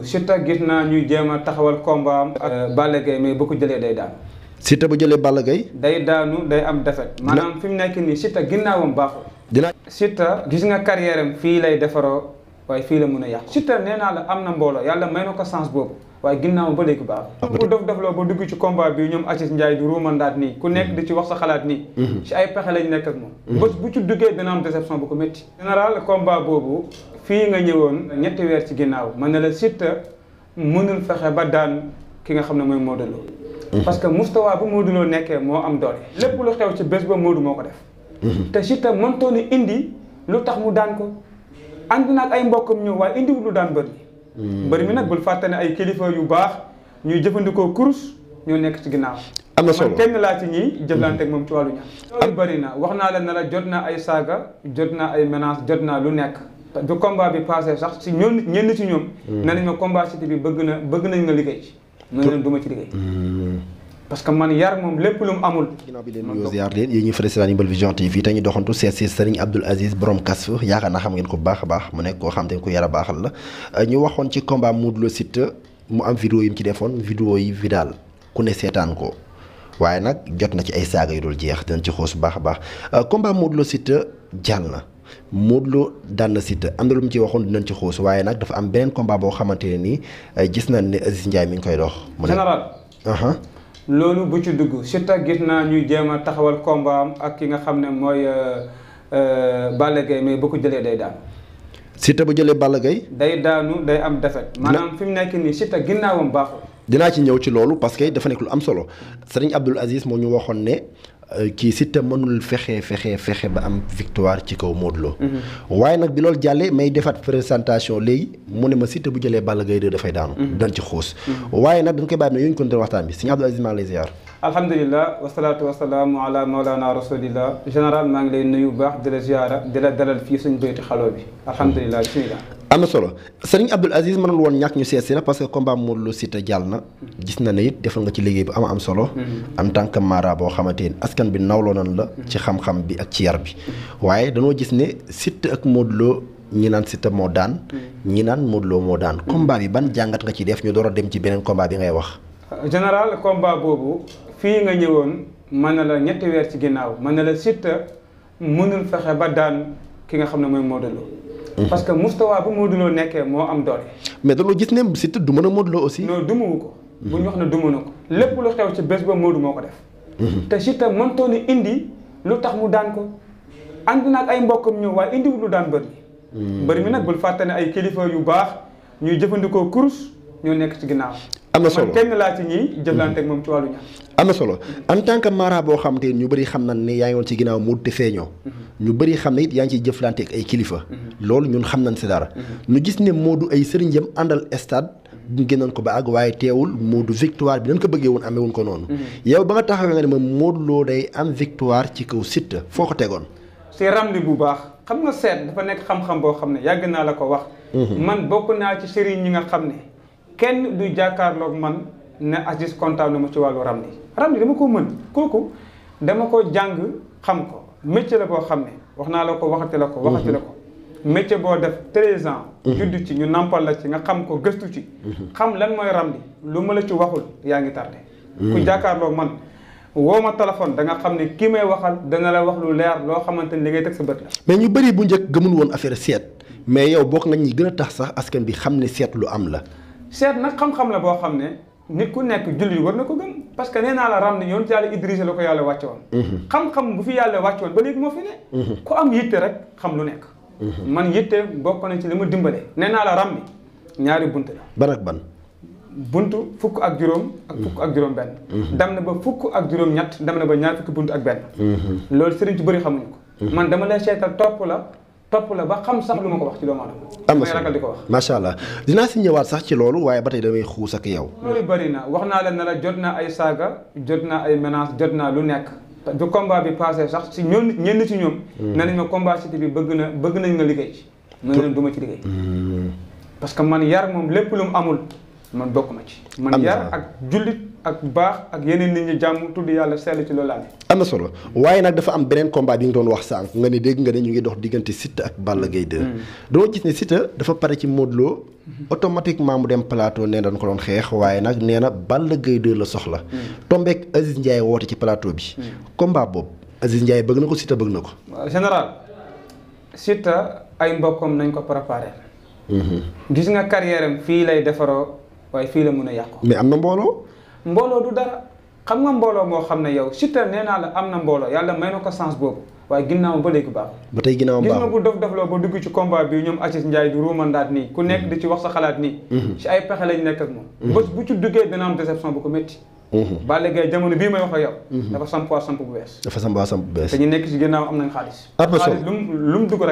Siteu gis naa ñuy jéem a taxawal combat am ak euh, Balla mais bu ko jëlee day daan. Siteu bu jëlee Balla Gaye day daanu day am defet maanaam fi mu nekk nii Siteu ginnaawam baaxul. dina Siteu gis nga carrière am fii lay defaroo waaye fii la mun a yàq Siteu nee naa la am na mbooloo yàlla may na ko sens boobu. waaye ginnaaw ba léegi baax ku dof dofloo ba dugg ci combat bi ñoom Aziz Ndiaye di ruumandaat nii ku nekk di ci wax sa xalaat nii mhm. ci ay pexe lañ nekk ak moom mhm. bés bu ci duggee dina am déception bu ko métti général combat boobu fii nga ñëwoon ñetti weer ci ginnaaw mën na la Siteu mënul fexe ba daan ki nga xam ne mooy Modou Lo mhm. parce que mustawa bu Modou Lo nekkee moo am doole lépp lu xew ci bés ba Modou moo ko def te Siteu mëntoon indi lu tax mu daan ko ànd naag ay mbokkam ñëw waaye indiwul lu daan bëri Hmm. mbër mi nag bul fàtte ne ay kilifa yu baax ñuy jëfandikoo kurus ñoo nekk ci ginnaaw. am na solo kenn laa ci ñi jëflanteeg hmm. moom ci wàllu ñaan. loolu bëri wax naa la na la jot naa ay saaga jot naa ay menaces jot naa lu nekk. du combat bi passé sax si ñoom ñenn ci ñoom. Hmm. na nañ ma combat cité bi bëgg na bëgg nañ nga liggéey. mën na du ma ci liggéey. parce que man yar moom lépp lu mu amul. ginnaaw leen nuyoo ziar leen TV tey ñu doxantu seet si Serigne Abdoul Aziz borom Kasf yaakaar naa xam ngeen ko baax a baax mu nekk koo xam te ko yar baaxal la ñu waxoon ci combat Modou Lo mu am vidéo yi mu ci defoon vidéo yi viral ku ne seetaan ko waaye nag jot na ci ay saaga yu dul jeex dinañ ci xoos bu baax a baax euh, combat Modou Lo Siteu jàll na Modou Lo daan na Siteu am na lu mu ci waxoon dinañ ci xoos waaye nag dafa am beneen combat boo xamante ne nii euh, gis nañ ne Aziz Ndiaye mi ngi koy dox. mu ne loolu bu ci dugg Siteu gis naa ñuy jéem a taxawal combat ak ki nga xam ne mooy euh, euh, Balla Gaye mais bu ko jëlee day daanu. Siteu bu jëlee Balla Gaye. day daanu day am defet maanaam fi mu nekk nii Siteu ginnaawam baaxul. dinaa ci ñëw ci loolu parce que dafa nekk lu am solo sëriñ Abdul Aziz moo ñu waxoon ne Euh, kii Siteu mënul fexe fexe fexe ba am victoire ci kaw Modou Lo. Mhm. waaye nag bi loolu jàllee may defaat présentation léegi mu ne ma Siteu bu jëlee Balla gay 2 dafay daanu. Mhm. dañ ci xuus. Mhm. waaye nag dañ koy bàyyi ne ñu continué waxtaan bi Serigne Abdou Aziz maa ngi lay ziar. alhamdulilah wasalaatu wasalaamu ala maa ngi lay nuyu bu baax di la ziara di la dalal fii suñu béytu xaloo bi alhamdulilah bisimilah. am na solo sëriñ Abdoul Aziz mënul woon ñàkk ñu seet si la parce que combat Modou jàll na gis na ne defal nga ci liggéey bu am am solo. Mm-hmm. en tant que mara boo xamante ni askan bi nawloo nan la. ci mm-hmm. xam-xam bi ak ci yar bi. waaye dañoo gis ne Siteu ak Modou ñi naan Siteu moo daan. Mm-hmm. ñi naan Modou Lo moo daan. combat bi ban jàngat nga ci def ñu door a dem ci beneen combat bi ngay wax. Euh, général combat boobu fii nga ñëwoon mën na la ñetti weer ci ginnaaw mën na la Siteu mënul fexe ba daan ki nga xam ne mooy Modou Mhm. parce que Moustapha bu Modou Lo nekkee moo am doole. mais dañoo gis ne Siteu du mën a Modou Lo aussi. non dumawu ko. Mhm. bu ñu wax ne duma na ko. lépp lu xew ci bés ba Modou moo ko def. Mhm. te Siteu mëntoon indi lu tax mu daan ko ànd naag ay mbokkam ñëw waaye indiwul lu daan bëri. bëri mi nag bul fàtte ne ay kilifa yu baax ñuy jëfandikoo kurus ñoo nekk ci ginnaaw. am na solo kenn laa ci ñi jëflante moom ci wàllu ñaan am na solo en tant que mara boo xam te ñu bëri xam nañ ne yaa ngi ci ginnaaw mu te feeñoo mhm. ñu bëri xam ne it yaa ngi ciy jëflante ay kilifa mhm. loolu ñun xam nañ si dara mhm. ñu gis ne moodu ay sëriñ jëm àndal stade ñu génnoon ko ba ak waaye teewul Modou victoire bi nan ko bëggee woon amee woon ko noonu yow ba nga taxawee nga ne ma Modou loo day am victoire ci kaw Siteu foo ko tegoon c'est ramli bu baax xam nga seet dafa boo xam ne yàgg naa la ko wax man bokk naa ci sëriñ ñi nga xam ne kenn du jàkkaarloog man ne Aziz kontaan na ma ci wàllu ramli ramli dama ko mën kooku dama ko jàng xam ko métier la boo xam ne wax naa la ko waxati la ko waxati la ko mhm. métier boo def treize ans mhm. judd ci ñu nampal la ci nga xam ko gëstu ci mhm. xam lan mooy ramli lu ma la ci waxul yaa ngi tardé ku jàkkaarloog man woo ma téléphone danga xam ne kii may waxal dana la wax lu leer loo xamante ni li ngay teg sa bët la mais ñu bëri bu njëkk gëmul woon affaire seet mais yow bokk nga ñi gën a tax sax askan bi xam ne seet am la seet nag xam-xam la boo xam ne nit ku nekk jullit war na ko gëm parce que nee naa la ram ne yoon yàlla Idrissa la ko yàlla wàcce woon mhm. xam-xam bu fi yàlla wàcce woon ba léegi moo fi ne mhm. ku am yitte rek xam lu nekk mhm. man yitte bokk na ci li ma dimbale nee naa la ram ni ñaari bunt la ban ak ban buntu fukk ak juróom ak fukk ak juróom benn dem na ba fukk ak juróom ñett dem na ba ñaar fukki bunt ak benn loolu sëriñ ci bëri xamuñ ko man dama lay seetal topp la topp la ba xam sax lu ma ko wax ci doomu aadama. am na ragal di ko wax. macha allah dinaa si ñëwaat sax ci loolu waaye ba tey damay xuus ak yow. loolu bëri na wax naa la ne la jot naa ay saaga jot naa ay menaces jot naa lu nekk. du combat bi passé sax si ñoom ñenn si ñoom. Hmm. nee nañ ma combat cité bi bëgg na bëgg nañ ma liggéey ci. na leen du ma ci liggéey. Hmm. parce que man yar moom lépp lu mu amul man bokk ma ci. man yar ak jullit. ak baax ak yeneen nit ñi jàmm tudd yàlla sell ci loolu la am na solo waaye nag dafa am beneen combat bi nga doon wax sànq nga ne dégg nga ne ñu ngi dox diggante Siteu ak Balla Gaye 2. Mm. doo gis ne dafa pare ci Modou Lo mm-hmm. automatiquement dem plateau nee dañ ko doon xeex waaye nag nee na Balla Gaye 2 la soxla. Mm. tombeek Aziz Ndiaye woote ci plateau bi. Mm. combat boobu Aziz Ndiaye bëgg na ko Siteu bëgg na ko. général Siteu ay mbokkam nañ ko préparé. Mm-hmm. gis nga carrière fii lay defaroo waaye fii la mën a yàqu. mais am na mbooloo. mbooloo du dara xam nga mbooloo moo xam ne yow Siteu nee naa la am na mbooloo yàlla may na ko sens boobu waaye ginnaawam ba léegi baax ba tey ginnaawam baax gis nga bu ba dugg ci combat bi ñoom Aziz Ndiaye du ruumandaat nii ku nekk mm-hmm. di ci wax sa xalaat nii ci mm-hmm. ay pexe lañ nekk ak moom mm-hmm. bu ci duggee dina am déception bu ko métti Balla Gaye jamono bii may wax ak yow dafa samp waa samp bu bees dafa samp waa samp bu bees te nekk ci ginnaaw am na xaalis xaalis lu mu lu mu dugg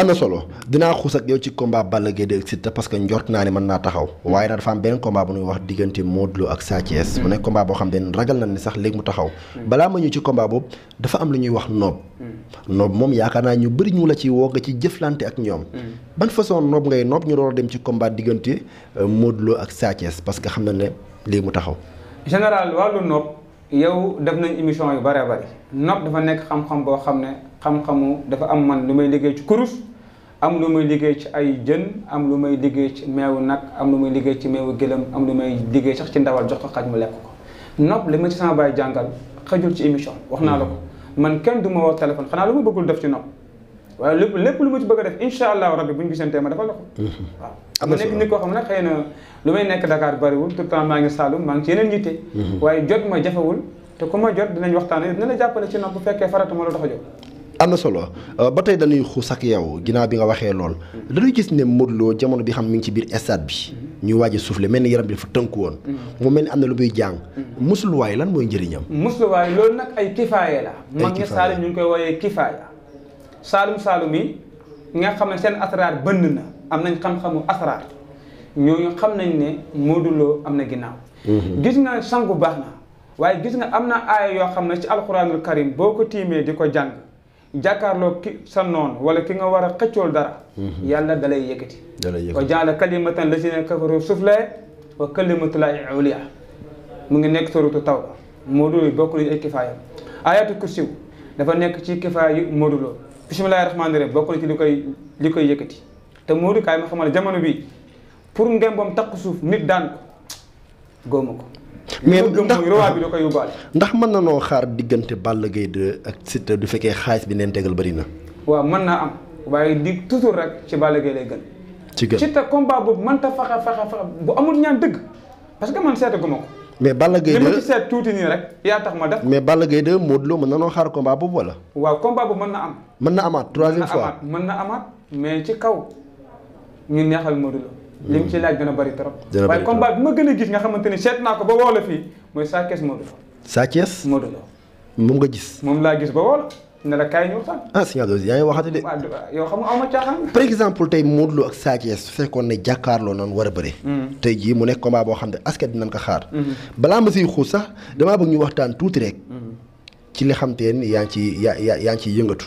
am na solo dinaa xuus ak yow ci combat Balla Gaye 2 ak Siteu parce que njort naa ne mën naa taxaw waaye nag dafa am benn combat bu ñuy wax diggante Modou Lo ak Sa Thiès mu nekk combat boo xam ne ragal na ni sax a euh, dafa nekk xam-xam boo xam ne xam-xamu dafa am man lu may liggéey ci kurus am lu may liggéey ci ay jën am lu may liggéey ci meewu nag am lu may liggéey ci meewu gëlëm am lu may liggéey sax ci ndawal jox ko xaj mu lekk ko nopp li ma ci sama baay jàngal xajul ci émission wax naa la ko man kenn ma woo téléphone xanaa lu ma bëggul def ci nopp waaye lépp lépp lu ma ci bëgg a def incha allah rabbi bu ñu gisantee ma dafa la ko mm-hmm. waaw am na nekk nit koo xam ne xëy na lu may nekk Dakar bariwul tout le temps maa ngi Saloum maa ngi ci yeneen yitte mm-hmm. waaye jot ma jafewul te ku ma jot dinañ waxtaan na la bu fekkee farata ma la tax am na solo euh, ba tey dañuy xuus ak yow ginnaaw bi nga waxee lool dañuy gis ne Modou jamono bi xam mi ngi ci biir stade bi ñuy waaj a soufflé mel ni yaram bi dafa tënku woon. Mm-hmm. mu mel ni am na lu muy jàng. musluwaay lan mooy njëriñam. musluwaay loolu nag ay kifaaya la. ay mag ñi Saalum ñu ngi koy woowee Saalum Saalum yi nga xam ne seen asraar bënn na am nañ xam-xamu asraar ñooñu xam nañ ne Modou am na ginnaaw. Mm-hmm. gis nga sangu baax na waaye gis nga am na aaya yoo xam ne ci alxuraanul karim boo ko tiimee di ko jàng. jàkkaarloo ki sa noon wala ki nga war a xëccool dara mhm. yàlla dalay yëkkati wa jaala kalimatan lazina kafaru suflee wa kalimatullahi uliya mu ngi nekk suratu taw Modou Lo bokk nañu ay kifaayam ayatu kursiw dafa nekk ci kifaayu yi Lo bismillahi rahmaani rahim bokk na li koy li koy yëkkati te Modou kaay ma xamal jamono bii pour ngembam takku suuf nit daan ko góoma ko mais ndax bi da ndax mën na noo xaar diggante Balla Gaye 2 ak Siteu du fekkee xaalis bi leen tegal bëri na. waaw mën naa am waaye di toujours rek ci Balla Gaye lay gën. ci gën Siteu combat boobu mën ta faxa faxa bu amul ñaan dëgg parce que man seetaguma ko. mais Balla Gaye 2 li ma ci seet tuuti nii rek yaa tax ma def. mais Balla Gaye 2 Modou Lo mën na noo xaar combat boobu wala. waaw combat boobu mën na am. mën na amaat troisième fois mën na man mën na amaat mais ci kaw ñu neexal Modou Lo li mu ci laaj dana bëri trop. dana bëri waaye bi ma gën a gis nga xamante ni seet naa ko ba woo la fii mooy Sa Thiès Modou Lo. Sa Thiès Modou Lo. moom nga gis. moom laa gis ba woo la ne la kaay ñu waxtaan. ah si yàlla yaa ngi waxati par exemple tey Modou Lo ak Sa Thiès su fekkoon ne jàkkaarloo noonu war a bëri. Hmm. tey jii mu nekk combat boo xam ne askan dinañ ko xaar. Hmm. balaa ma siy xuus sax damaa bëgg ñu waxtaan tuuti rek. Hmm. ci li xam te ne yaa ngi ciy yaa yaa ngi yëngatu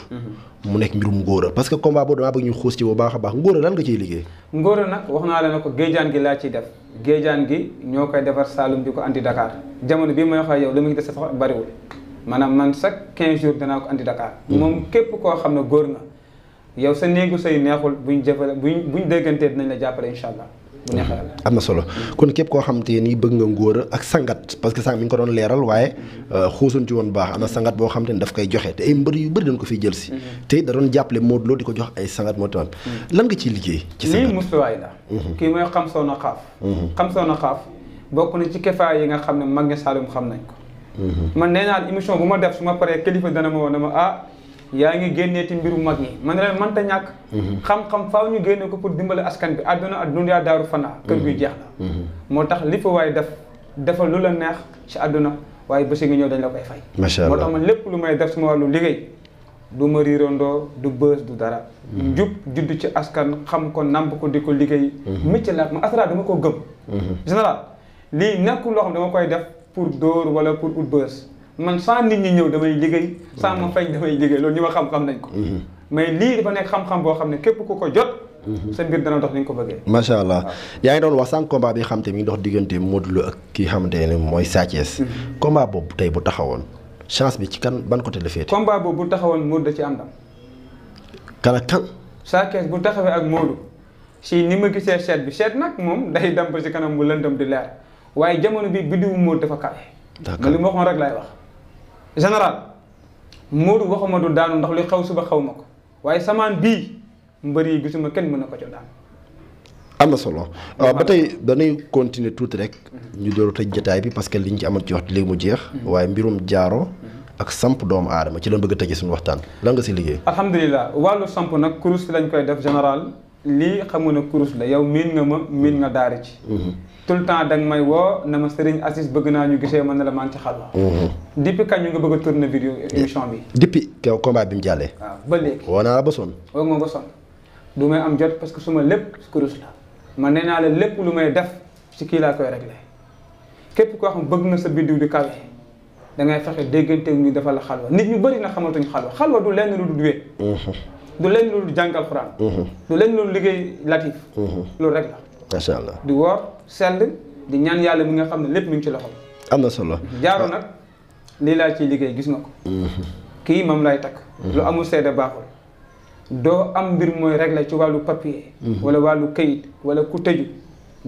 mu nekk mbirum ngóora parce que combat boobu damaa bëgg ñu xuus ci bu baax a baax ngóora lan nga ciy liggéey ngóora nag wax naa leen ne ko géejaan gi laa ciy def géejaan gi ñoo koy defar saalum di ko andi Dakar jamono bii may wax yow li ma ci def sax bariwul maanaam man chaque 15 jours danaa ko andi Dakar hmm. moom képp koo xam ne góor na yow sa néegu say neexul bu buñ jëfale bu ñu déggantee dinañ la jàppale incha allah am na solo kon képp koo xam te ni bëgg nga ngóor ak sangat parce que sang mi ngi ko doon leeral waaye euh, xuusuñ ci woon baax am na sangat boo xam te ni daf koy joxe te ay mbër yu bëri dañ ko fiy jël si mm-hmm. te da doon jàppale Modou Lo di ko jox ay sangat moo tamit mm-hmm. lan nga ciy liggéey ci sangat mm-hmm. yi nga xam ne mag ñi Saalum xam nañ ko man nee naa émission bu ma def su ma paree kilifa dana ma woon ah yaa ngi génnee ti mbiru mag ñi man leen mënta ñàkk mhm. xam-xam faaw ñu génne ko pour dimbale askan bi àdduna ak dunyaa daaru fanaa kër guy mhm. jeex na mhm. moo tax li fa waaye def defal lu la neex ci àdduna waaye bési nga ñëw dañ la koy fay macha allah moo tax man lépp lu may def suma wàllu liggéey du ma riirandoo du bës du dara njub juddu ci askan xam ko namp ko di ko liggéey métier la ma asra dama ko gëm général lii nekkul loo xam dama koy def pour dóor wala pour ut man saa nit ñi ñëw damay liggéey saa ma mm-hmm. feeñ damay liggéey loolu ñu ma xam-xam nañ ko mm-hmm. mais lii dafa nekk xam-xam boo xam ne képp ku ko jot mm-hmm. sa mbir dana dox ni nga ko bëggee macha allah yaa ngi doon wax sànq combat bi xam te mi ngi dox diggante Modou Lo ak ki xamante ne mooy Sa Thiès combat boobu tey bu taxawoon chance bi ci kan ban côté la féete boobu bu taxawoon Modou da ci am ndam kan ak kan taxawee ak Modou si ni ma gisee seet bi seet nag moom day dem ba si kanam mu lëndëm di leer waaye jamono bi biddiwu Modou dafa kawe nga li ma waxoon rek laay wax général Modou waxuma du daanu ndax li xaw suba xaw ma ko waaye samaan bii mbër yi gisuma kenn mën na ko ca daan. am na solo ba tey dañuy continuer tuuti rek. ñu door tëj jataay bi parce que ñu ci amal ci wax léegi mu jeex. Mm-hmm. waaye mbirum jaaro. Mm-hmm. ak samp doomu aadama ci lañ bëgg a tëjee suñu waxtaan lan nga si liggéey. alhamdulilah wàllu samp nag kurus lañ koy def général lii xamu ne kurus la yow miin nga ma miin nga daara ci. Mm-hmm. tout le temps da nga may woo na ma Serigne Assis bëgg naa ñu gisee man na la maa ngi ci xalwa mhm. depuis kañ ñu nga bëgg a tourner vidéo bi. depuis kaw combat bi mu jàllee. waaw ba léegi. woo naa la ba sonn. woo nga ba sonn du may am jot parce que su ma lépp kurus la man nee naa la lépp lu may def ci kii laa koy réglé képp koo xam bëgg na sa biddiw di kawe da ngay fexe déggante ñu defal la xalwa nit ñu bëri na xamatuñ xalwa xalwa du lenn lu du duwee. Mhm. du lenn lu jàngal xuraan. Mhm. du liggéey latif. loolu macha allah di woor sell di ñaan yàlla mi nga xam ne lépp mi ngi ci loxo am na solo jaaro nag lii laa ciy liggéey gis nga ko mm-hmm. kii moom lay takk lu mm-hmm. amul seede baaxul doo am mbir mooy réglé ci wàllu papier mm-hmm. wala wàllu kayit wala ku tëju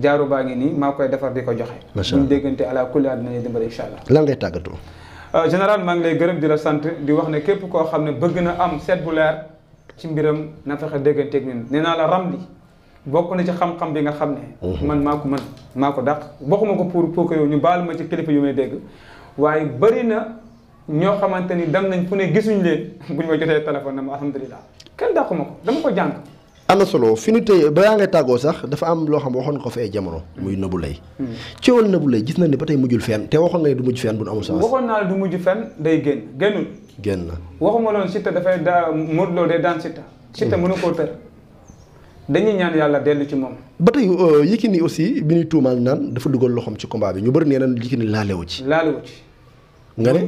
jaaru baa ngi nii maa koy defar di ko joxe buñu déggante àla kulli àddina lay dimbale incha allah lan ngay tàggatoo euh, général maa ngi lay gërëm di la sant di wax ne képp koo xam ne bëgg na am seet bu leer ci mbiram na fexe dégganteeg ñun nee naa la ramli bokk na ci xam-xam bi nga xam ne. Mhm. man maa ko man maa ko dàq. bokkuma ko pour pour que ñu baal ma ci kilifa yu may dégg waaye bëri na ñoo xamante ni dem nañ fu ne gisuñ leen bu ñu ma jotee téléphone na ma alhamdulilah kenn dàquma ko dama ko jàng. am na solo fi ñu tey balaa ngay tàggoo sax dafa am loo xam waxoon ko fi ay jamono. muy Nabou Leye. Hmm. coowal Nabou Leye gis na ne ba tey mujjul fenn te waxoon nga ne du mujj fenn bu nu amul chance. waxoon naa ne du mujj fenn day génn génnul. génn na waxuma loon Siteu dafay daa Modou Lo day daan Siteu. Siteu hmm. mënu koo tër. dañuy ñaan yàlla dellu ci moom. ba tey euh, Yékini aussi bi ñuy tuumaal naan dafa dugal loxoom ci combat bi ñu bëri nee nañ Yékini laalewu ci. laalewu ci. nga ne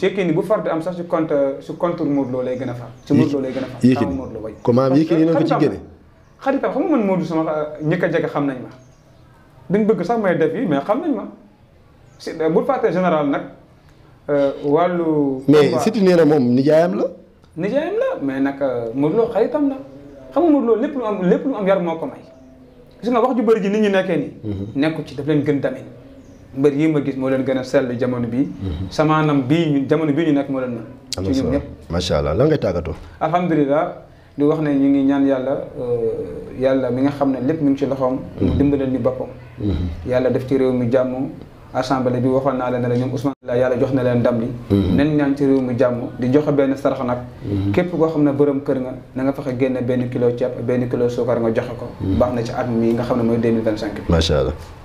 Yékini bu far am sax si compte si compte Modou Lo lay gën a far. ci Modou Lo lay gën a far Yékini comment Yékini nañ ko ci génne. xaritam xam nga man euh, xam nañ ma. bëgg sax may mais xam nañ ma si euh, bu fàttee général nag wàllu. mais si nee na moom nijaayam la. nijaayam la mais nag Modou loo xaritam la. xam loolu lépp lu am lépp lu am yar moo ko may gis nga wax ju bëri ji nit ñu nekkee nii. Mhm. nekku ci daf leen gën tamit mbër yi ma gis moo leen gën a sell jamono bii. Mhm. samanam bii ñu jamono bii ñu nekk moo leen mën. am na solo macha allah lan ngay tàggatoo. alhamdulilah di wax ne ñu ngi ñaan yàlla euh, yàlla mi nga xam ne lépp mu ngi ci loxoom. mu mhm. dimbalal ñu boppam. yàlla def ci réew mi jàmm. assemblée bi waxoon naa leen ne la ñoom Ousmane la yàlla jox na leen ndam li mm-hmm. nañ ñaan ci réew mi jàmm di joxe benn sarax nag mm-hmm. képp koo xam ne borom kër nga na nga fexe génne benn kilo ceeb benn kilo suukar nga joxe ko mm-hmm. baax na ci at mi nga xam ne mooy 2025 bi macha allah